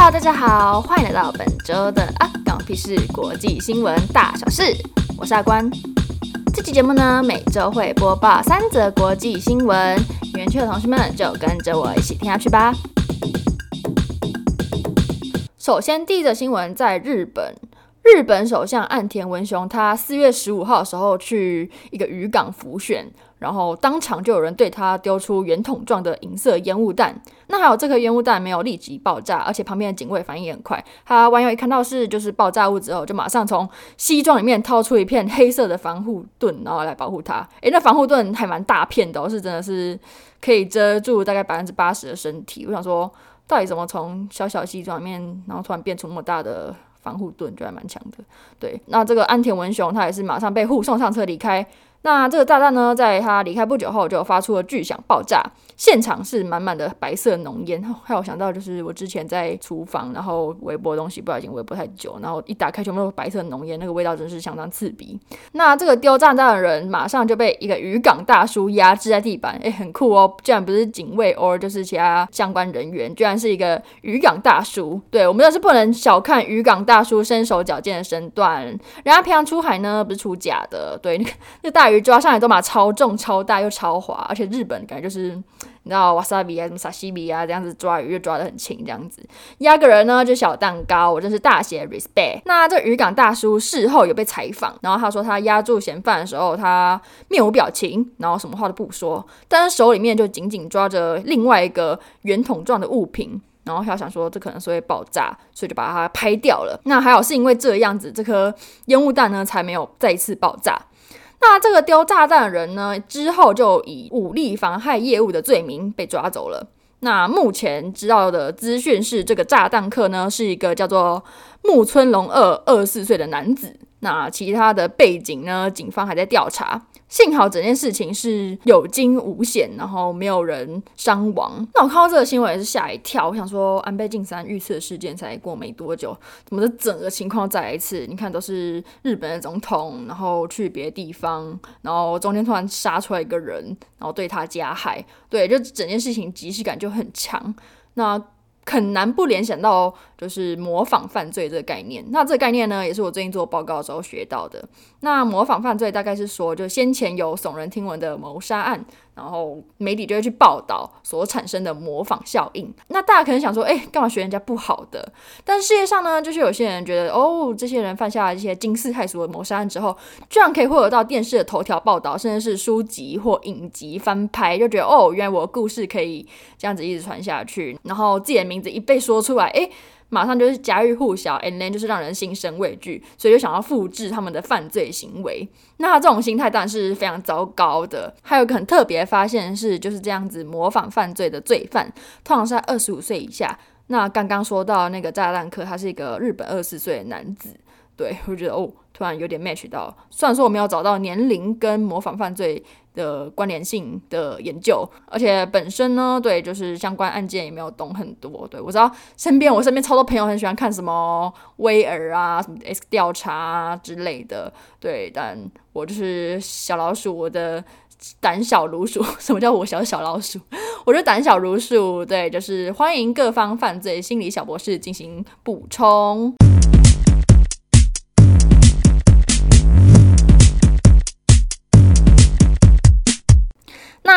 Hello，大家好，歡迎來到本周的阿、啊、關屁事國際新聞大小事，我是阿關。這期節目呢，每周會播報三則國際新聞，園區的同學們就跟着我一起聽下去吧。首先，第一則新聞在日本。日本首相岸田文雄，他四月十五號的時候去一個漁港輔選，然後當場就有人對他丟出圓筒狀的銀色煙霧彈。那還有這顆煙霧彈沒有立即爆炸，而且旁邊的警衛反應也很快，他彎腰一看到是就是爆炸物之後，就馬上從西裝裡面掏出一片黑色的防護盾，然後來保護他。誒、欸，那防護盾還蠻大片的、哦，是真的是可以遮住大概百分之八十的身體。我想說，到底怎麼從小小西裝裡面，然後突然變出那麼大的？防護盾就還蠻強的，對。那這個岸田文雄他也是馬上被護送上車離開。那這個炸彈呢，在他離開不久後就發出了巨響，爆炸。現場是滿滿的白色濃煙。哦，害我想到就是我之前在廚房，然後微波的東西不小心微波太久，然後一打開全部都是白色濃煙，那個味道真是相當刺鼻。那這個丟炸彈的人馬上就被一個漁港大叔壓制在地板，哎、欸，很酷哦！居然不是警衛 or 就是其他相關人員，居然是一個漁港大叔。對我們就是不能小看漁港大叔身手矯健的身段，人家平常出海呢不是出假的，對，那大魚抓上來都嘛超重、超大又超滑，而且日本感覺就是。然後 wasabi 啊，什麼沙西比啊，這樣子抓魚又抓得很輕，這樣子壓個人呢就小蛋糕，我真是大寫 respect。那這漁港大叔事後有被採訪，然後他說他壓住嫌犯的時候，他面無表情，然後什麼話都不說，但是手裡面就緊緊抓着另外一個圓筒狀的物品，然後他想說這可能是會爆炸，所以就把它拍掉了。那還好是因為這樣子，這顆煙霧彈呢才沒有再一次爆炸。那這個丟炸彈的人呢，之後就以武力妨害業務的罪名被抓走了。那目前知道的資訊是，這個炸彈客呢是一個叫做木村隆二，24歲的男子。那其他的背景呢？警方還在調查。幸好整件事情是有驚無險，然後沒有人傷亡。那我看到這個新聞也是嚇一跳。我想說，安倍晉三遇刺事件才過沒多久，怎麼這整個情況再來一次？你看，都是日本的總統，然後去別的地方，然後中間突然殺出來一個人，然後對他加害。對，就整件事情即視感就很強。那，很難不聯想到就是模仿犯罪這個概念。那這個概念呢，也是我最近做報告的時候學到的。那模仿犯罪大概是說，就先前有聳人聽聞的謀殺案。然後媒體就會去報道所產生的模仿效應。那大家可能想說，哎，幹嘛學人家不好的？但是世界上呢，就是有些人覺得，哦，這些人犯下了一些驚世駭俗的謀殺案之後，居然可以獲得到電視的頭條報道，甚至是書籍或影集翻拍，就覺得，哦，原來我的故事可以這樣子一直傳下去。然後自己的名字一被說出來，哎。馬上就是家喻戶曉，and then 就是讓人心生畏懼，所以就想要複製他們的犯罪行為。那他這種心態當然是非常糟糕的。還有一個很特別發現是，就是這樣子模仿犯罪的罪犯，通常是在二十五歲以下。那剛剛說到那個炸彈客，他是一個日本二十歲的男子，對我覺得哦，突然有點 match 到。雖然說我沒有找到年齡跟模仿犯罪。的關聯性的研究，而且本身呢，對，就是相關案件也沒有懂很多。對，我知道身邊我身邊超多朋友很喜歡看什麼威爾啊，什麼 S 調查啊之類的，對，但我就是小老鼠，我的膽小如鼠。什麼叫我小小老鼠？我就膽小如鼠。對，就是歡迎各方犯罪心理小博士進行補充。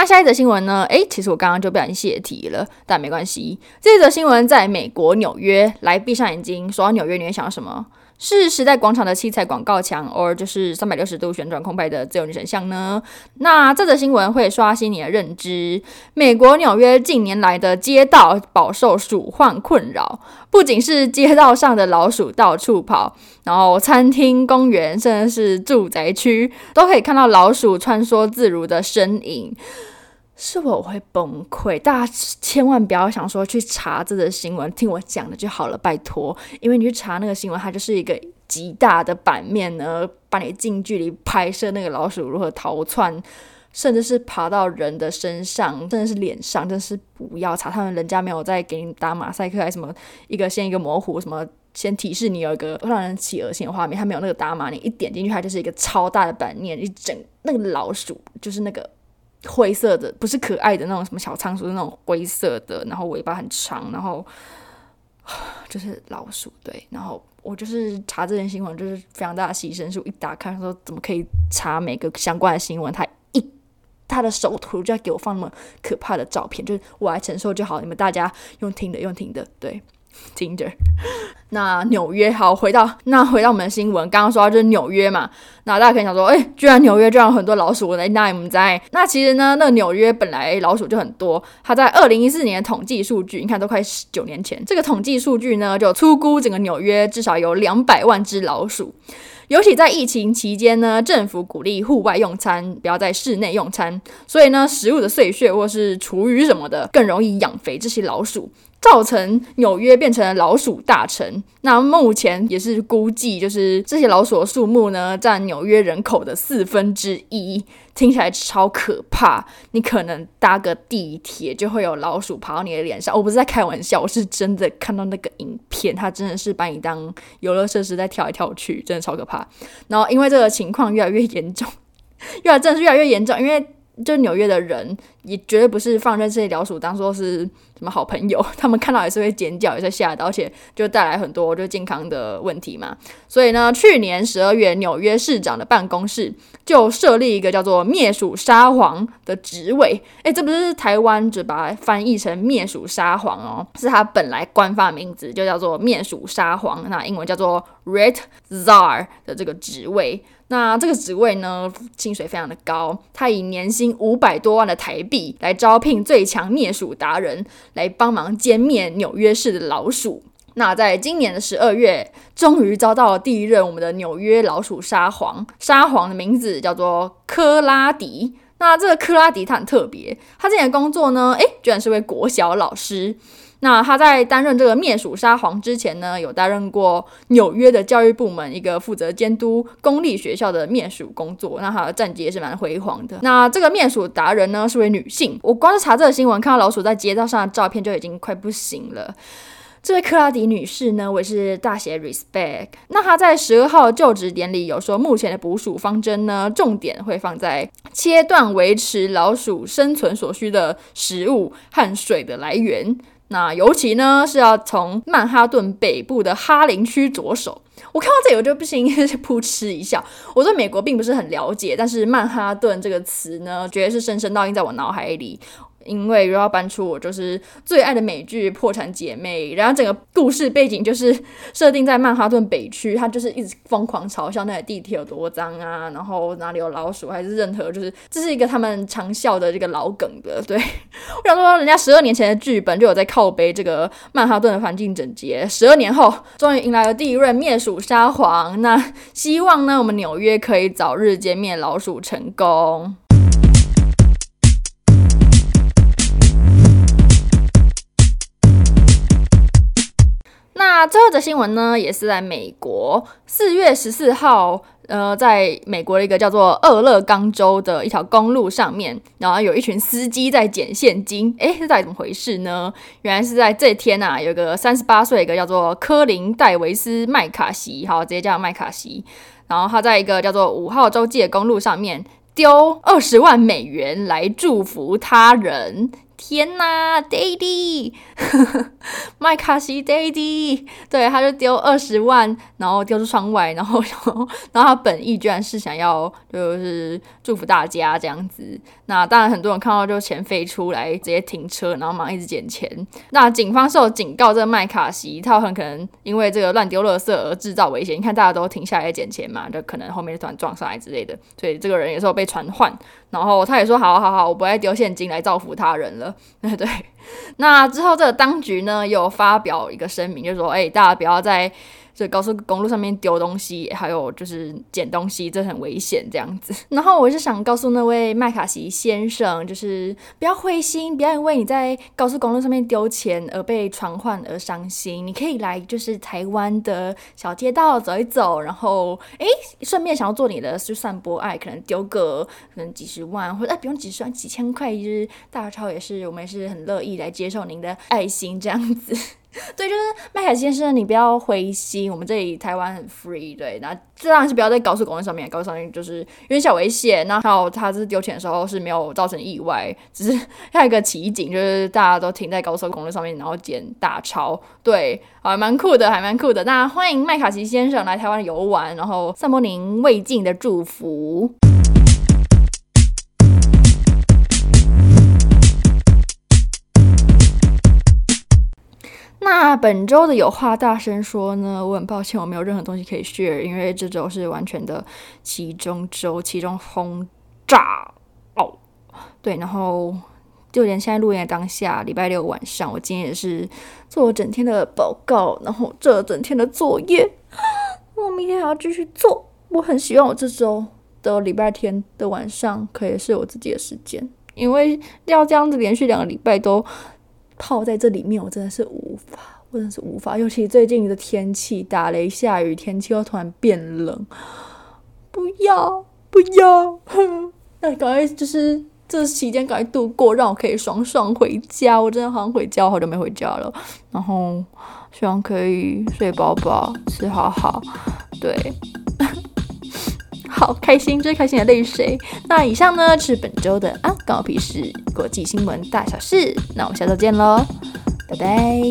那下一則新聞呢？誒、欸，其實我剛剛就被人洩題了，但沒關係。這一則新聞在美國紐約。來，閉上眼睛，說到紐約，你會想到什麼？是時代廣場的七彩廣告牆，or 就是三百六十度旋轉空拍的自由女神像呢？那這則新聞會刷新你的認知。美國紐約近年來的街道飽受鼠患困擾，不僅是街道上的老鼠到處跑，然後餐廳、公園，甚至是住宅區，都可以看到老鼠穿梭自如的身影。是否會崩潰？大家千萬不要想說去查這個新聞，聽我講的就好了，拜託。因為你去查那個新聞，它就是一個極大的版面呢，而把你近距離拍攝那個老鼠如何逃竄，甚至是爬到人的身上，甚至是臉上，真是不要查。他們人家沒有在給你打馬賽克，還什麼一個先一個模糊，什麼先提示你有一個讓人起噁心的畫面，它沒有那個打碼。你一點進去，它就是一個超大的版面，一整那個老鼠就是那個。灰色的，不是可愛的那種什麼小倉鼠，是那種灰色的，然後尾巴很長，然後就是老鼠對。然後我就是查這件新聞，就是非常大的犧牲。是我一打開說，怎麼可以查每個相關的新聞？他一他的首圖就要給我放那麼可怕的照片，就是我來承受就好，你們大家用聽的用聽的對。聽着， 那紐約好，回到那回到我們的新聞，剛剛說到就是紐約嘛，那大家可以想說，誒、欸，居然紐約居然很多老鼠，來那 i 們在那其實呢，那紐約本來老鼠就很多，它在二零一四年的統計數據你看都快九年前，這個統計數據呢就粗估整個紐約至少有兩百萬隻老鼠，尤其在疫情期間呢，政府鼓勵戶外用餐，不要在室內用餐，所以呢，食物的碎屑或是廚餘什麼的，更容易養肥這些老鼠。造成紐約變成了老鼠大城。那目前也是估計，就是這些老鼠的數目呢，占紐約人口的四分之一，聽起來超可怕。你可能搭個地鐵就會有老鼠跑到你的臉上，我不是在開玩笑，我是真的看到那個影片，它真的是把你當遊樂設施在跳來跳去，真的超可怕。然後因為這個情況越來越嚴重，越來真的是越來越嚴重，因為。就紐約的人也絕對不是放任這些老鼠當作是什麼好朋友，他們看到也是會尖叫，也是嚇到，而且就帶來很多就健康的問題嘛。所以呢，去年十二月，紐約市長的辦公室就設立一個叫做“滅鼠沙皇”的職位。誒、欸，這不是台灣只把它翻譯成“滅鼠沙皇”哦，是它本來官方的名字就叫做“滅鼠沙皇”，那英文叫做 rat czar 的這個職位。那這個職位呢，薪水非常的高，他以年薪五百多萬的台幣來招聘最強滅鼠達人，來幫忙殲滅紐約市的老鼠。那在今年的十二月，終於招到了第一任我們的紐約老鼠沙皇，沙皇的名字叫做科拉迪。那這個科拉迪他很特別，他之前的工作呢，誒，居然是位國小老師。那他在擔任這個滅鼠沙皇之前呢，有擔任過紐約的教育部門一個負責監督公立學校的滅鼠工作。那他的戰績也是蠻輝煌的。那這個滅鼠達人呢，是位女性，我光是查這個新聞，看到老鼠在街道上的照片就已經快不行了。這位克拉迪女士呢，我也是大寫 respect。那她在十二號就職典禮有說，目前的捕鼠方針呢，重點會放在切斷維持老鼠生存所需的食物和水的來源。那尤其呢，是要從曼哈頓北部的哈林區着手。我看到這，我就不行，撲 哧一笑。我對美國並不是很了解，但是曼哈頓這個詞呢，絕對是深深烙印在我腦海裡。因為又要搬出我就是最愛的美劇《破產姐妹》，然後整個故事背景就是設定在曼哈頓北區，他就是一直瘋狂嘲笑那裡地鐵有多髒啊，然後哪裡有老鼠，還是任何就是這是一個他們常笑的這個老梗的。對，我想說，人家十二年前的劇本就有在靠背這個曼哈頓的環境整潔，十二年後終於迎來了第一任滅鼠沙皇。那希望呢，我們紐約可以早日殲滅老鼠成功。那、啊、最後的新聞呢，也是在美國四月十四號，呃，在美國的一個叫做俄勒岡州的一條公路上面，然後有一群司機在撿現金。哎、欸，這到底怎麼回事呢？原來是在這天吶、啊，有個三十八歲一個叫做科林戴維斯麥卡錫。好，直接叫麥卡錫。然後他在一個叫做五號州際的公路上面丟二十萬美元來祝福他人。天吶，啊，Daddy，麥卡錫 Daddy，對，他就丟二十萬，然後丟出窗外，然後然後，然後他本意居然是想要就是祝福大家這樣子。那當然，很多人看到就錢飛出來，直接停車，然後馬上一直撿錢。那警方是有警告這個麥卡錫，他很可能因為這個亂丟垃圾而制造危險。你看大家都停下來撿錢嘛，就可能後面就突然撞上來之類的。所以這個人有時候被傳喚，然後他也說好好好，我不再丟現金來造福他人了。對 對，那之後這個當局呢，又發表一個聲明，就是說：“哎，大家不要再。”在高速公路上面丟東西，還有就是撿東西，這很危險，這樣子。然後我是想告訴那位麥卡錫先生，就是不要灰心，不要因為你在高速公路上面丟錢而被傳喚而傷心。你可以來就是台灣的小街道走一走，然後誒，順便想要做你的就散播愛，可能丟個可能幾十萬，或者不用幾十萬，幾千塊一日大鈔也是，我們也是很樂意來接受您的愛心這樣子。對，就是麥卡錫先生，你不要灰心，我們這裡台灣很 free。對，那自然是不要在高速公路上面，高速上面就是因為小危險。然後，他就是丟錢的時候是沒有造成意外，只是還有一個奇景，就是大家都停在高速公路上面，然後撿大鈔。對，啊，蠻酷的，還蠻酷的。那歡迎麥卡錫先生來台灣遊玩，然後散播您未盡的祝福。那、啊、本周的有話大聲說呢？我很抱歉，我沒有任何東西可以 share，因為這周是完全的期中週，期中轟炸哦，oh. 對，然後就連現在錄影的當下，禮拜六晚上，我今天也是做了整天的報告，然後這整天的作業，我明天還要繼續做。我很希望我這周的禮拜天的晚上可以是有我自己的時間，因為要這樣子連續兩個禮拜都。泡在這裡面，我真的是無法，我真的是無法。尤其最近的天氣，打雷下雨，天氣又突然變冷，不要不要。哼，那趕快就是這個、期間趕快度過，讓我可以爽爽回家。我真的好想回家，我好久沒回家了。然後希望可以睡飽飽，吃好好，對。好開心，最開心的淚水。那以上呢，是本周的阿關我屁事國際新聞大小事。那我們下周見嘍，拜拜。